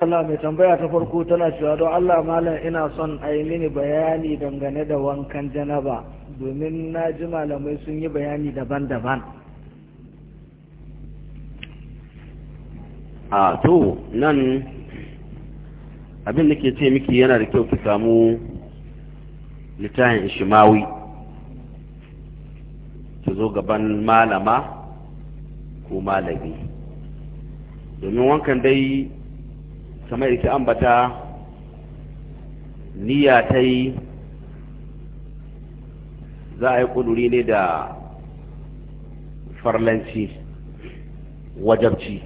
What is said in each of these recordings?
Allah mai tambaya ta farko tana cewa don Allah malam ina son a yi mini bayani dangane da wankan janaba domin na ji malamai sun yi bayani daban-daban. A to nan abin da ke ce miki yana da kyau ki samu littafin shimawi ki zo gaban malama ko malami domin wankan dai kamar ita ambata niyya ta yi za a yi kuduri ne da farlanci wajabci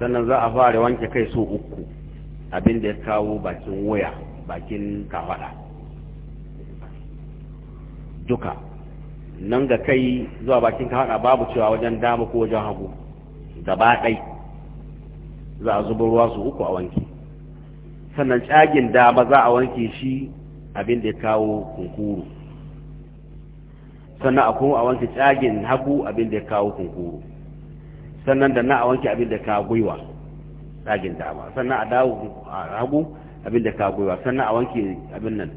sannan za a fara wanke kai so uku abin da ya kawo bakin waya bakin kafada duka nan ga kai zuwa bakin kafada babu cewa wajen dama ko wajen hagu gaba ɗai za a zubar ruwa su uku a wanke sannan cagin dama za a wanke shi abin da ya kawo kunkuru sannan a kuma a wanke cagin hagu abin da ya kawo kunkuru sannan da na a wanke abin da ya kawo gwiwa cagin dama sannan a dawo a hagu abin da ya kawo gwiwa sannan a wanke abin nan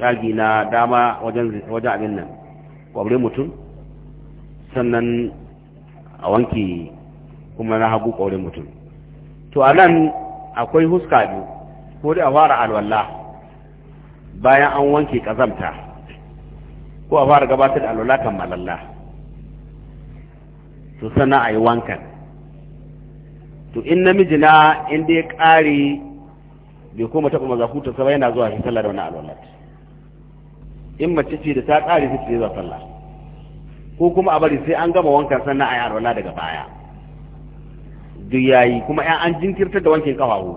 cagi na dama wajen abin nan kwamre mutum sannan a wanke kuma na hagu ƙaurin mutum to a nan akwai huska biyu ko dai a fara alwala bayan an wanke ƙazamta ko a fara gabatar da alwala kan malalla to sannan a yi wankan to in namiji na in dai ƙari bai koma taɓa mazakuta sa yana zuwa shi sallah da wani alwallah in mace ce da ta ƙari sai ta zuwa sallah ko kuma a bari sai an gama wankan sannan a yi alwala daga baya duk kuma ya an jinkirtar da wankin kafafu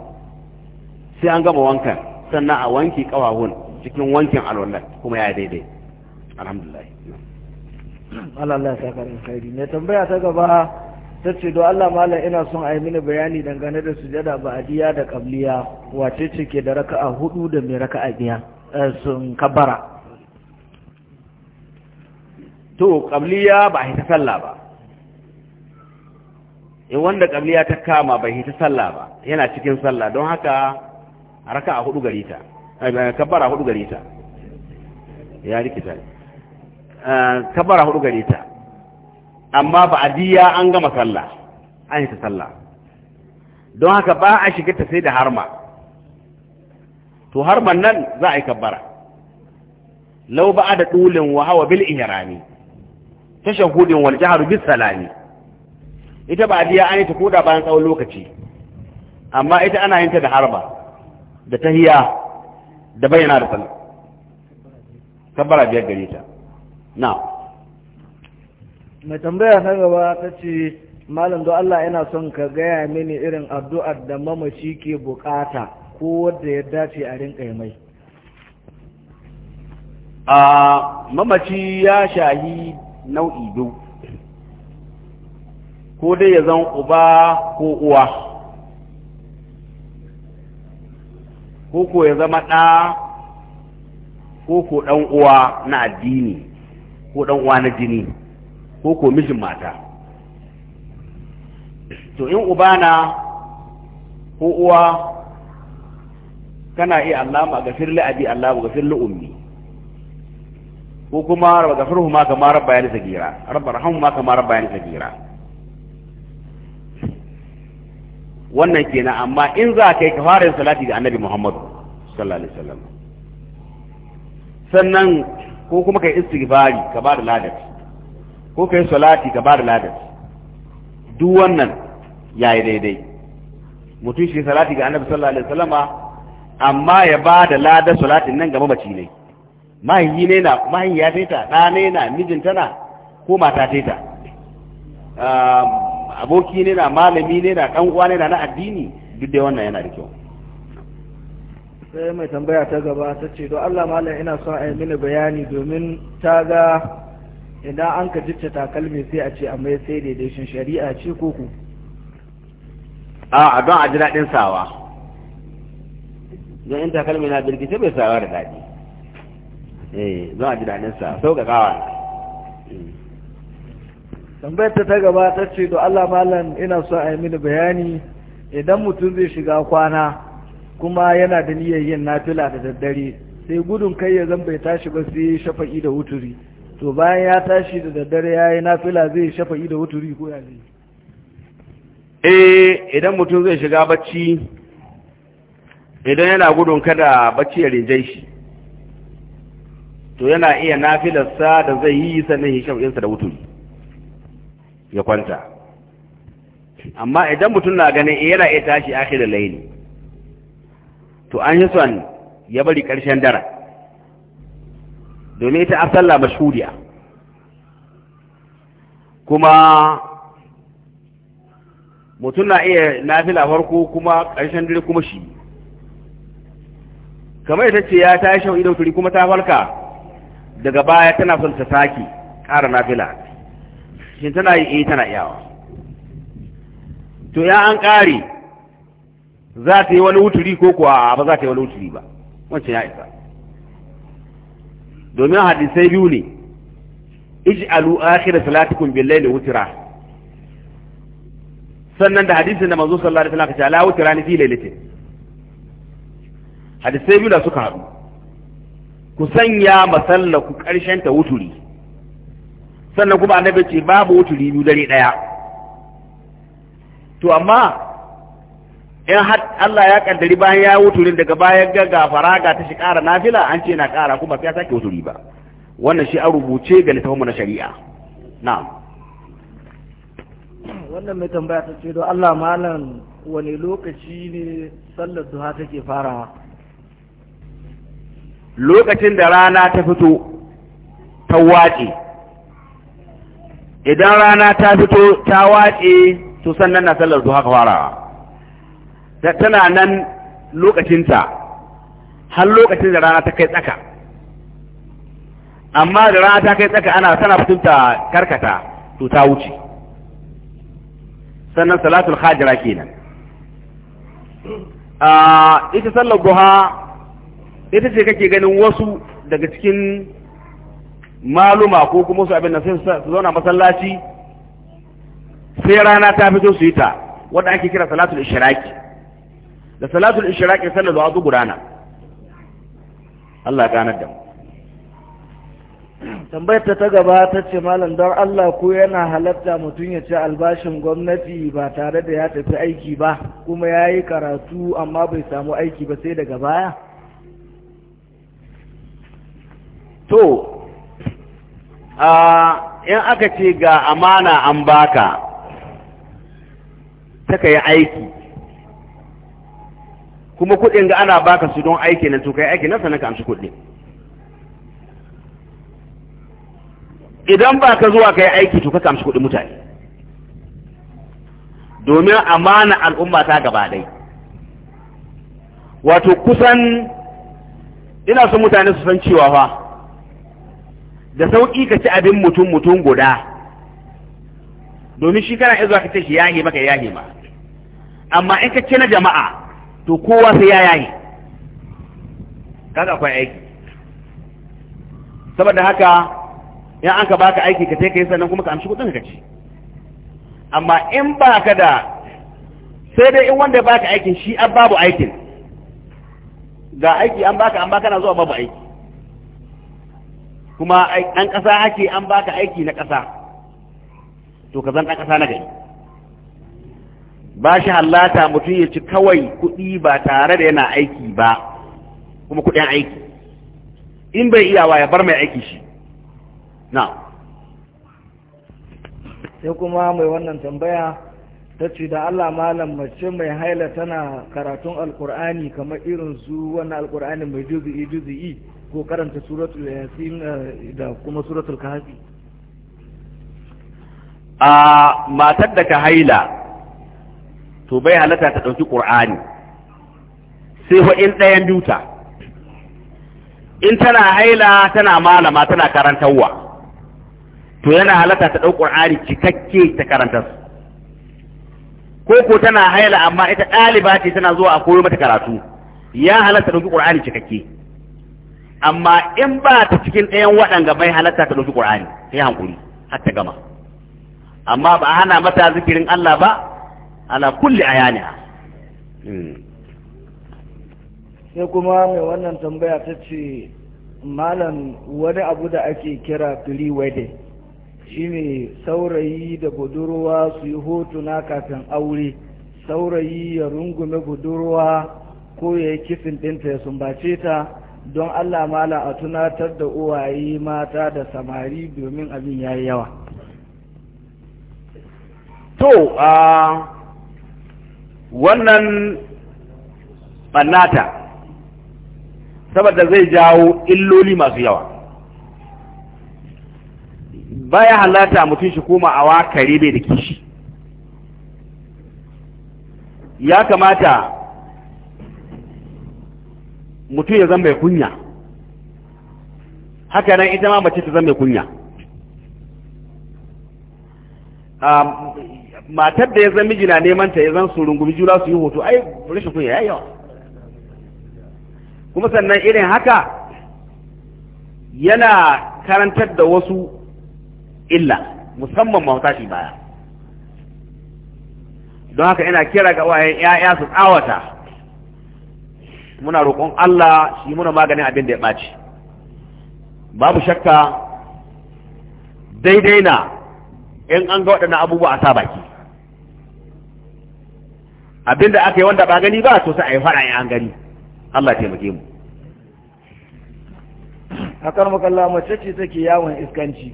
sai an gama wankan sannan a wanki kafafun cikin wankin alwallah kuma ya daidai alhamdulillah Allah ya saka in kairi ne tambaya ta gaba ta ce do Allah malam ina son a yi mini bayani dangane da sujada ba'diya da qabliya wace ce ke da raka'a hudu da mai raka'a biya eh, sun kabara to qabliya ba a ta sallah ba in wanda kabliya ta kama bai hita sallah ba yana cikin sallah don haka raka a hudu gari ta eh, kabbara hudu gari ta ya rikita eh, kabbara hudu gari ta amma ba adiya an gama sallah an hita sallah don haka ba a shiga ta sai da harma to harman nan za a yi kabbara lau ba a da dulin wa hawa bil ihrami tashahudin wal jahru bis salami ita ba diya an yi ta koda bayan tsawon lokaci amma ita ana yin ta da harba da tahiya da bayyana da sallah kabbara biyar gare ta na mai tambaya na gaba ta ce malam don Allah yana son ka gaya mini irin addu'ar da mamaci ke bukata ko wadda ya dace a rinka mai a mamaci ya shahi nau'i biyu ko dai ya zan uba ko uwa ko ko ya zama ɗa ko ko ɗan uwa na addini ko ɗan uwa na jini ko ko mijin mata to in uba na ko uwa kana iya allama gafir li abi ma gafir li ummi ko kuma rabba gafirhu ma kamar rabba ya sagira rabba rahamu ma kamar rabba ya sagira wannan kenan amma in za ka yi ka fara yin salati ga annabi Muhammadu sallallahu alaihi wasallam sannan ko kuma kai istighfari ka ba da ladat ko kai salati ka ba da ladat duk wannan yayi daidai mutum shi salati ga annabi sallallahu alaihi wasallam amma ya ba da ladat salatin nan ga mabaci ne mahiyi ne na mahiyi ya taita ɗa ne na mijin tana ko mata taita aboki ne na malami ne na dan uwa ne na na addini duk dai wannan yana da kyau sai mai tambaya ta gaba ta ce don Allah malam ina son a yi mini bayani domin ta ga idan an ka jicce takalmi sai a ce a mai sai daidai shin shari'a ce ko ku a don a ji daɗin sawa don in takalmi na birgice bai sawa da daɗi eh don a ji daɗin sawa sauƙaƙawa ne tambayarta ta gaba ta ce to Allah malam ina so a yi mini bayani idan mutum zai shiga kwana kuma yana da niyyar yin nafila da daddare sai gudun kai ya zan bai tashi ba sai shafa'i da wuturi to bayan ya tashi da daddare ya yi nafila zai shafa'i da wuturi ko ya zai eh idan mutum zai shiga bacci idan yana gudun kada bacci ya rinjai shi to yana iya nafilarsa da zai yi sannan ya shafi'insa da wuturi ya kwanta amma idan mutum na ganin eh, yana iya tashi da laini to an yi son ya bari ƙarshen dara domin ita asalla mashuriya kuma mutum na iya nafila farko kuma ƙarshen dare kuma shi kamar ita ce ya tashi shau idan turi kuma ta farka daga baya tana son ta sake ƙara nafila shin tana yi eh tana iyawa to ya an ƙare za ta yi wani wuturi ko kuwa ba za ta yi wani wuturi ba wancan ya isa domin hadisai biyu ne ij'alu akhir salatikum bil layli wutra sannan da hadisin da manzo sallallahu alaihi wasallam ya ce ala wutra ni fi lailatin hadisai biyu da suka haɗu ku sanya masallaku ƙarshen ta wuturi sannan kuma annabi ce babu wutu biyu dare daya to amma in har Allah ya kaddari bayan ya rin daga bayan ga gafara ga ta shi ƙara nafila an ce na ƙara kuma sai ya sake wutu ba wannan shi a rubuce ga littafin na shari'a na'am wannan mai tambaya ta ce don Allah malam wani lokaci ne sallar duha take farawa lokacin da rana ta fito ta wace idan rana ta fito ta wace to sannan na sallar duha ka farawa tana nan lokacinta har lokacin da rana ta kai tsaka amma da rana ta kai tsaka ana tana fitunta karkata to ta wuce sannan salatul hajira kenan a ah, ita sallar duha ita ce kake ganin wasu daga cikin maluma ko kuma su abin da sai su zauna masallaci sai rana ta fito su yi ta wanda ake kira salatul ishraqi da salatul ishraqi sallar zuwa zu gudana Allah ya ganar da mu tambayar ta ta gaba ta ce malam don Allah ko yana halatta mutum ya ci albashin gwamnati ba tare da ya tafi aiki ba kuma ya yi karatu amma bai samu aiki ba sai daga baya to Ah, in aka ce ga amana an baka ka yi aiki kuma kuɗin ga ana baka su don aiki nan to aiki nan sanaka su kuɗi idan ba ka zuwa yi aiki to ka amshi kuɗin mutane domin amana al'umma ta gaba dai wato kusan ina son mutane su san cewa fa da sauƙi ka ci abin mutum mutum guda domin shi kana zuwa ka ce shi yahe maka yahe ma amma in ka ci na jama'a to kowa sai ya yahe kaga akwai aiki saboda haka in an ka baka aiki ka sai ka yi sannan kuma ka amshi kuɗin ka ci amma in baka da sai dai in wanda baka aikin shi an babu aikin ga aiki an baka an baka na zuwa babu aiki kuma ɗan ƙasa ake an baka aiki na ƙasa to ka zan ɗan ƙasa na gari ba shi hallata mutum ya ci kawai kuɗi ba tare da yana aiki ba kuma kuɗin aiki in bai iyawa ya bar mai aiki shi na sai kuma mai wannan tambaya ta ce da Allah malam mace mai haila tana karatun alkur'ani kamar irin su wannan alkur'ani mai juzi'i juzi'i ko karanta suratul yasin eh, da kuma suratul kahfi a matar da ka haila to bai halatta ta ɗauki ƙur'ani sai fa in ɗayan duta in tana haila tana malama tana karantarwa to yana halatta ta ɗau ƙur'ani cikakke ta karantar ko ko tana haila amma ita ɗaliba ce tana zuwa a koyo mata karatu ya halatta ɗauki ƙur'ani cikakke amma in ba ta cikin ɗayan waɗanga bai halatta ta ɗauki ƙur'ani sai hankuri har ta gama amma ba a hana mata zikirin Allah ba ala kulli ayani hmm. sai kuma mai wannan tambaya ta ce malam wani abu da ake kira free wedding shi ne saurayi da budurwa su yi hotuna kafin aure saurayi ya rungume budurwa ko ya yi kifin ɗinta ya sumbace ta don Allah mala a tunatar da uwaye mata da samari domin abin ya yi yawa to a wannan ɓannata saboda zai jawo illoli masu yawa baya halata mutum shi koma awa kare bai da kishi ya kamata mutum ya zama mai kunya haka nan ita ma mace ta zama mai kunya matar da ya zama miji neman ta ya zan su rungumi juna su yi hoto ai rashin kunya ya yawa kuma sannan irin haka yana karantar da wasu illa musamman shi baya don haka ina kira ga wayan 'ya'ya su tsawata muna roƙon Allah shi muna maganin abin da ya ɓaci babu shakka daidai na in an ga waɗannan abubuwa a sa baki abin da aka yi wanda ba gani ba to sai a yi fara in an gani Allah taimake mu hakar makalla mace ce take yawon iskanci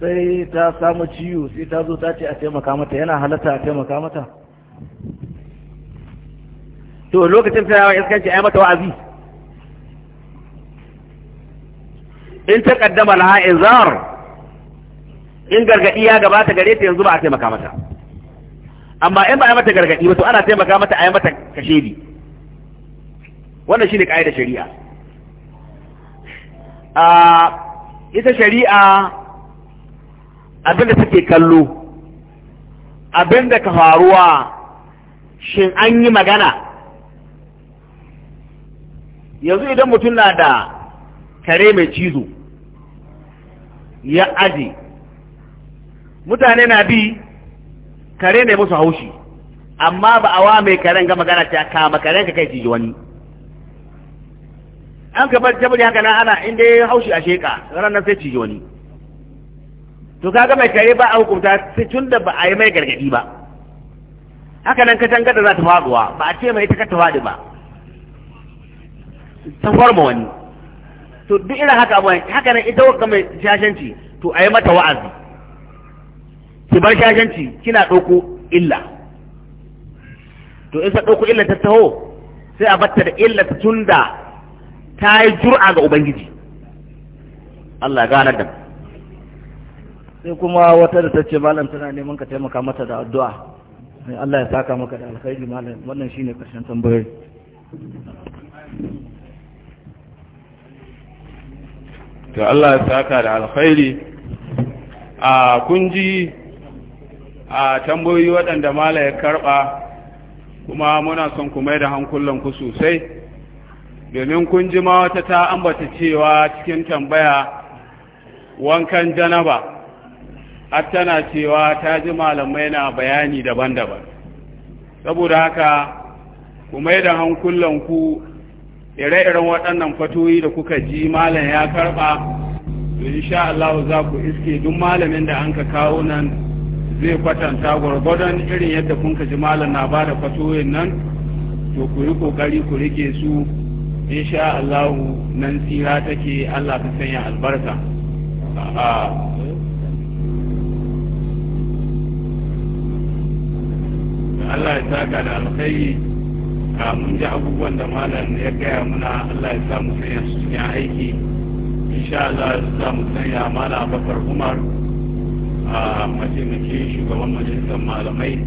sai ta samu ciwo sai ta zo ta ce a taimaka mata yana halatta a taimaka mata to lokacin ta yawan iskanci ai mata wa'azi in ta kaddama laha inzar in gargadi ya gabata gare ta yanzu ba a taimaka mata amma in ba a mata gargadi ba to ana taimaka mata a mata kashedi wannan shine kaidar shari'a a ita shari'a abinda take kallo abinda ka faruwa shin an yi magana yanzu idan mutum na da kare mai cizo ya aje mutane na bi kare ne musu haushi amma ba a wa mai karen ga magana ta kama karen ka kai cizo wani an ka bar jabari haka nan ana inda ya haushi a sheka ranar sai cizo wani to kaga mai kare ba a hukunta sai tun da ba a yi mai gargadi ba haka nan katangar da za ta faruwa ba a ce mai ita ka ta faɗi ba ta farma wani to duk irin haka abu haka nan ita wakka mai shashanci to a yi mata wa'azi ki bar shashanci kina ɗauko illa to in sa ɗauko illa ta taho sai a batta da illa ta tunda ta yi jur'a ga ubangiji Allah gane da sai kuma wata da ta ce malam tana neman ka taimaka mata da addu'a Allah ya saka maka da alkhairi malam wannan shine karshen you. to Allah ya saka da alkhairi a kunji ji a tambayoyi waɗanda mala ya karɓa kuma muna son ku mai da ku sosai domin kun ji ma wata ta ambata cewa cikin tambaya wankan janaba har tana cewa ta ji malamai na bayani daban-daban saboda haka ku mai da ku. ire-iren waɗannan fatoyi da kuka ji malam ya karɓa to insha Allah za ku iske duk malamin da an ka kawo nan zai kwatanta gwargwadon irin yadda kun ji malam na ba da fatoyin nan to ku yi kokari ku rike su insha Allah nan tsira take Allah ka sanya albarka Allah ya saka da alkhairi ga mun ji abubuwan da malam ya gaya muna Allah ya samu sanya su cikin aiki insha Allah ya samu sanya malam Bakar Umar a mataimakin shugaban majalisar malamai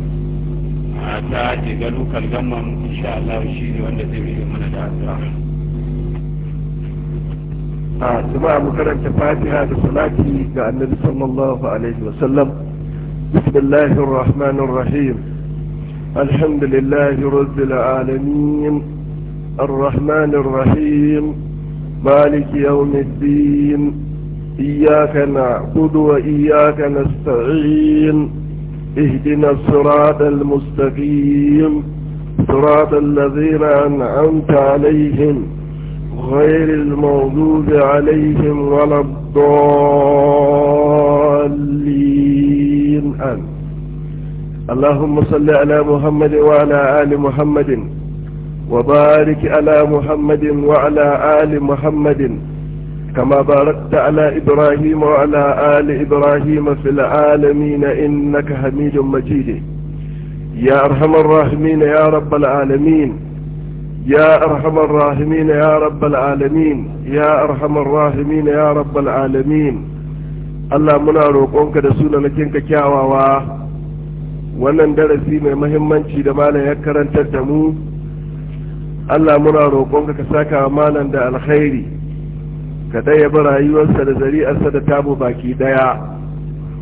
a ta ce ga lokal gamman insha Allah shi ne wanda zai rike mana da asira. a jama'a mu karanta fatiha da salati ga annabi sallallahu alaihi sallam bismillahir rahmanir rahim الحمد لله رب العالمين الرحمن الرحيم مالك يوم الدين إياك نعبد وإياك نستعين اهدنا الصراط المستقيم صراط الذين أنعمت عليهم غير الموجود عليهم ولا الضالين أنت اللهم صل على محمد وعلى آل محمد وبارك على محمد وعلى آل محمد كما باركت على إبراهيم وعلى آل إبراهيم في العالمين إنك حميد مجيد يا أرحم الراحمين يا رب العالمين يا أرحم الراحمين يا رب العالمين يا أرحم الراحمين يا رب العالمين الله منا روقونك da sunanakinka kyawawa wannan darasi mai mahimmanci da malam ya karantar da mu allah muna roƙonka ka saka malam da alkhairi ka ɗaya bi rayuwarsa da zari'arsa da tamu baki ɗaya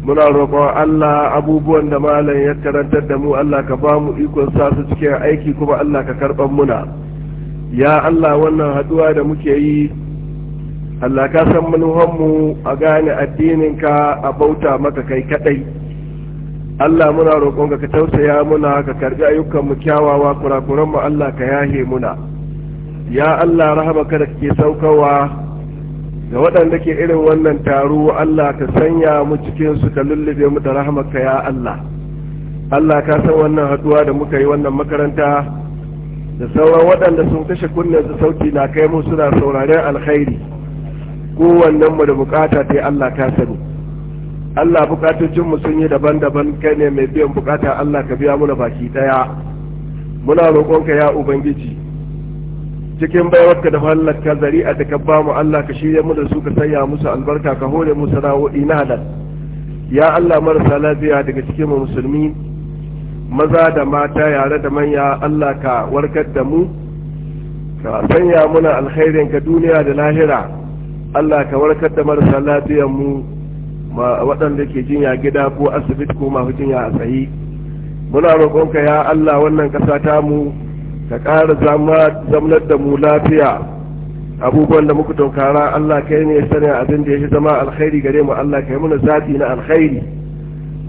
muna roƙon allah abubuwan da malam ya karantar da mu allah ka ba mu ikon sa su cikin aiki kuma allah ka karɓar muna ya allah wannan haɗuwa da muke yi allah ka san manuhanmu a gane addininka a bauta maka kai kaɗai Allah muna roƙonka ka tausaya muna ka karbi ayyukan mu kyawawa kurakuran mu Allah ka yahe muna ya Allah rahama kada da kake saukawa ga waɗanda ke irin wannan taro Allah ka sanya mu cikin su ka lullube mu da rahamarka ya Allah Allah ka san wannan haduwa da muka yi wannan makaranta da sauran waɗanda sun kashe kunnen su sauti na kai mu suna sauraren alkhairi kowannen mu da bukata ta Allah ka sani Allah bukatocinmu sun yi daban-daban kai ne mai biyan bukata Allah ka biya muna baki daya muna roƙonka ya ubangiji cikin baiwarka da halakka zari'a da ka ba mu Allah ka shirya mu da su ka sanya musu albarka ka hore musu sana'o'i ina nan ya Allah marasa lafiya daga cikin mu musulmi maza da mata yare da manya Allah ka warkar da mu ka sanya muna alkhairin ka duniya da lahira Allah ka warkar da marasa lafiya mu waɗanda ke jinya gida ko asibiti ko masu jinya a sahi muna roƙonka ya Allah wannan ƙasa ta mu ka ƙara zamnar da mu lafiya abubuwan da muka tunkara Allah kai ne sanin abin da ya zama alkhairi gare mu Allah kai muna zafi na alkhairi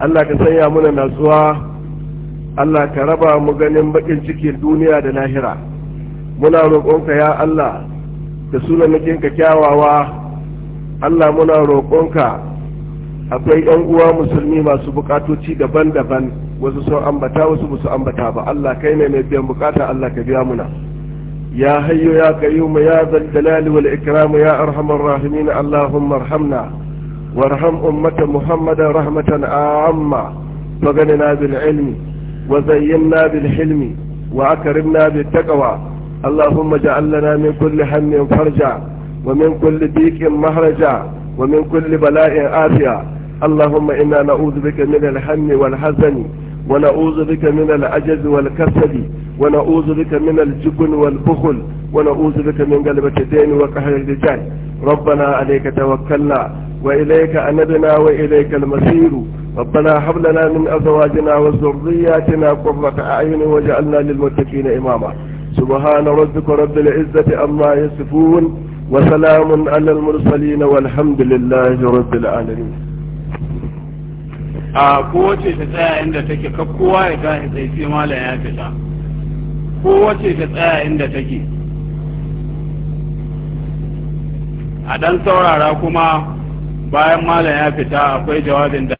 Allah ka sanya muna natsuwa Allah ka raba mu ganin bakin cikin duniya da lahira muna roƙonka ya Allah da sunan ka kyawawa Allah muna roƙonka akwai yan uwa musulmi masu bukatoci daban-daban wasu sun ambata wasu musu ambata ba Allah kai ne mai biyan bukata Allah ka biya muna ya hayyo ya qayyum ya zal jalali wal ikram ya arhamar rahimin Allahumma arhamna warham ummata muhammadan rahmatan amma faganina bil ilmi wa zayyinna bil hilmi wa akrimna bit taqwa اللهم اجعل لنا من كل هم فرجا ومن كل ضيق مهرجا ومن كل بلاء آفية اللهم إنا نعوذ بك من الهم والحزن ونعوذ بك من العجز والكسل ونعوذ بك من الجبن والبخل ونعوذ بك من قلبة الدين وقهر الرجال ربنا عليك توكلنا وإليك أنبنا وإليك المصير ربنا هب لنا من أزواجنا وذرياتنا قرة أعين وجعلنا للمتقين إماما سبحان ربك رب العزة أما يصفون وسلام على المرسلين والحمد لله رب العالمين a kowace ta tsaya inda take ka kowa ya tashi tsaye sai malam ya fita kowace ta tsaya inda take a dan saurara kuma bayan malam ya fita akwai jawabin da